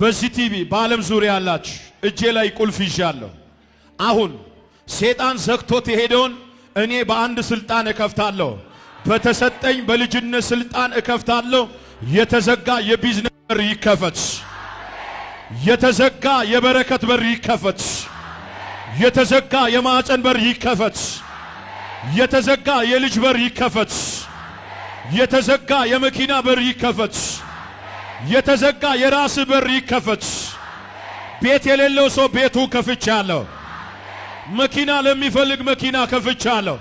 በዚህ ቲቪ በዓለም ዙሪያ ያላችሁ እጄ ላይ ቁልፍ ይዣለሁ። አሁን ሴጣን ዘግቶት የሄደውን እኔ በአንድ ስልጣን እከፍታለሁ። በተሰጠኝ በልጅነት ስልጣን እከፍታለሁ። የተዘጋ የቢዝነስ በር ይከፈት። የተዘጋ የበረከት በር ይከፈት። የተዘጋ የማዕፀን በር ይከፈት። የተዘጋ የልጅ በር ይከፈት። የተዘጋ የመኪና በር ይከፈት። የተዘጋ የራስ በር ይከፈት። ቤት የሌለው ሰው ቤቱ ከፍቻለሁ። መኪና ለሚፈልግ መኪና ከፍቻለሁ።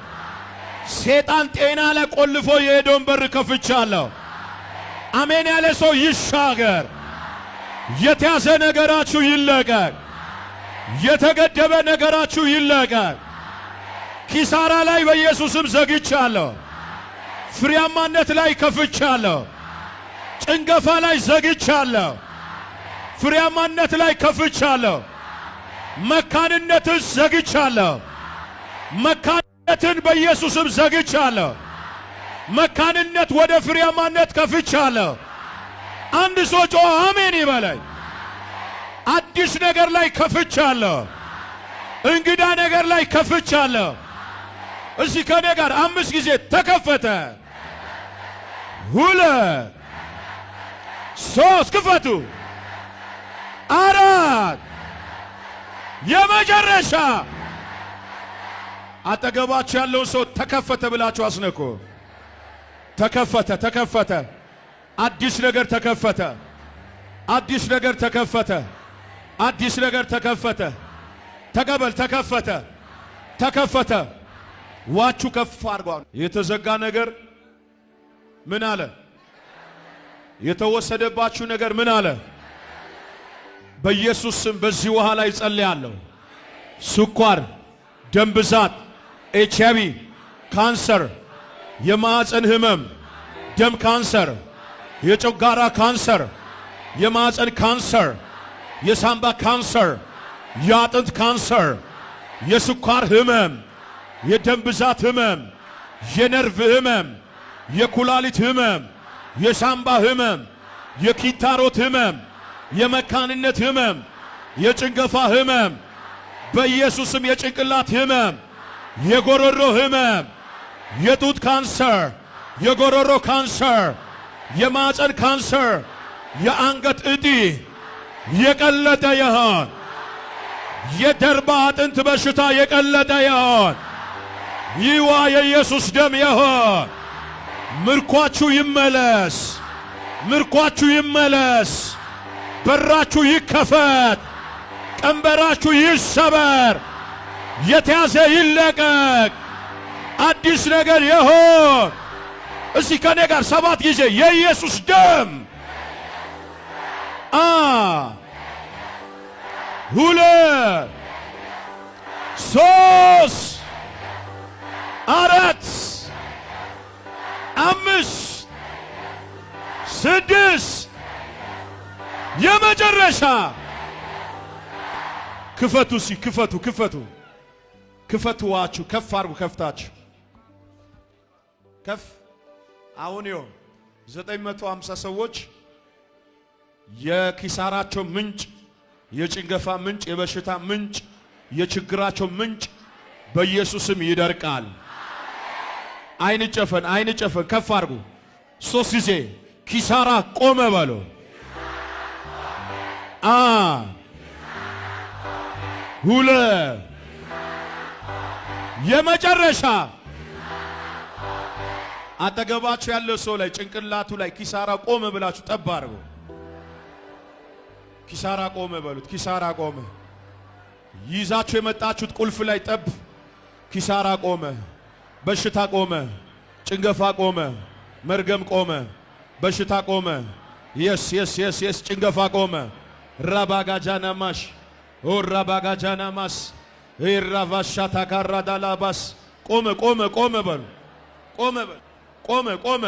ሴጣን ጤና ላይ ቆልፎ የሄደውን በር ከፍቻለሁ። አሜን ያለ ሰው ይሻገር። የተያዘ ነገራችሁ ይለቀቅ። የተገደበ ነገራችሁ ይለቀቅ። ኪሳራ ላይ በኢየሱስም ዘግቻለሁ። ፍሬያማነት ላይ ከፍቻለሁ። ጭንገፋ ላይ ዘግቻለሁ። ፍሬያማነት ላይ ከፍቻለሁ። መካንነትን ዘግቻለሁ። መካንነትን በኢየሱስም ዘግቻለሁ። መካንነት ወደ ፍሬያማነት ከፍቻለሁ። አንድ ሰው ጮ አሜን ይበለኝ። አዲስ ነገር ላይ ከፍቻለሁ። እንግዳ ነገር ላይ ከፍቻለሁ። እስኪ ከኔ ጋር አምስት ጊዜ ተከፈተ ሁለት ሶስት ክፈቱ፣ አራት የመጨረሻ አጠገባችሁ ያለውን ሰው ተከፈተ ብላችሁ አስነኮ። ተከፈተ፣ ተከፈተ፣ አዲስ ነገር ተከፈተ፣ አዲስ ነገር ተከፈተ፣ አዲስ ነገር ተከፈተ። ተቀበል፣ ተከፈተ፣ ተከፈተ። ዋቹ ከፍ አድርጓል። የተዘጋ ነገር ምን አለ? የተወሰደባችሁ ነገር ምን አለ? በኢየሱስ ስም በዚህ ውሃ ላይ ጸልያለሁ። ስኳር፣ ደም ብዛት፣ ኤች አይ ቪ፣ ካንሰር፣ የማዕፀን ህመም፣ ደም ካንሰር፣ የጨጓራ ካንሰር፣ የማዕፀን ካንሰር፣ የሳምባ ካንሰር፣ የአጥንት ካንሰር፣ የስኳር ህመም፣ የደም ብዛት ህመም፣ የነርቭ ህመም፣ የኩላሊት ህመም የሳምባ ህመም፣ የኪታሮት ህመም፣ የመካንነት ህመም፣ የጭንገፋ ህመም፣ በኢየሱስም የጭንቅላት ህመም፣ የጎሮሮ ህመም፣ የጡት ካንሰር፣ የጎሮሮ ካንሰር፣ የማጸን ካንሰር፣ የአንገት እጢ የቀለጠ ይሆን። የደርባ አጥንት በሽታ የቀለጠ ይሆን። ይዋ የኢየሱስ ደም ይሆን። ምርኳችሁ ይመለስ፣ ምርኳችሁ ይመለስ፣ በራችሁ ይከፈት፣ ቀንበራችሁ ይሰበር፣ የተያዘ ይለቀቅ፣ አዲስ ነገር ይሆን። እስቲ ከኔ ጋር ሰባት ጊዜ የኢየሱስ ደም አ ሁለት ሶስት አራት አምስት ስድስት የመጨረሻ ክፈቱ ሲ ክፈቱ ክፈቱ ክፈቱዋችሁ ከፍ አርጉ ከፍታችሁ ከፍ አሁን ይኸው ዘጠኝ መቶ ሃምሳ ሰዎች የኪሳራቸው ምንጭ የጭንገፋ ምንጭ የበሽታ ምንጭ የችግራቸው ምንጭ በኢየሱስም ይደርቃል። አይን ጨፈን፣ አይን ጨፈን፣ ከፍ አድርጉ ሶስት ጊዜ ኪሳራ ቆመ በሉ። አ ሁለ የመጨረሻ አጠገባችሁ ያለው ሰው ላይ ጭንቅላቱ ላይ ኪሳራ ቆመ ብላችሁ ጠብ አድርጉ። ኪሳራ ቆመ በሉት። ኪሳራ ቆመ። ይዛችሁ የመጣችሁት ቁልፍ ላይ ጠብ። ኪሳራ ቆመ። በሽታ ቆመ፣ ጭንገፋ ቆመ፣ መርገም ቆመ፣ በሽታ ቆመ። የስ የስ የስ የስ ጭንገፋ ቆመ። ራባጋጃናማሽ ኦ ራባጋጃናማስ ራቫሻታ ካራዳላባስ ቆመ ቆመ ቆመ በሉ ቆመ ቆመ ቆመ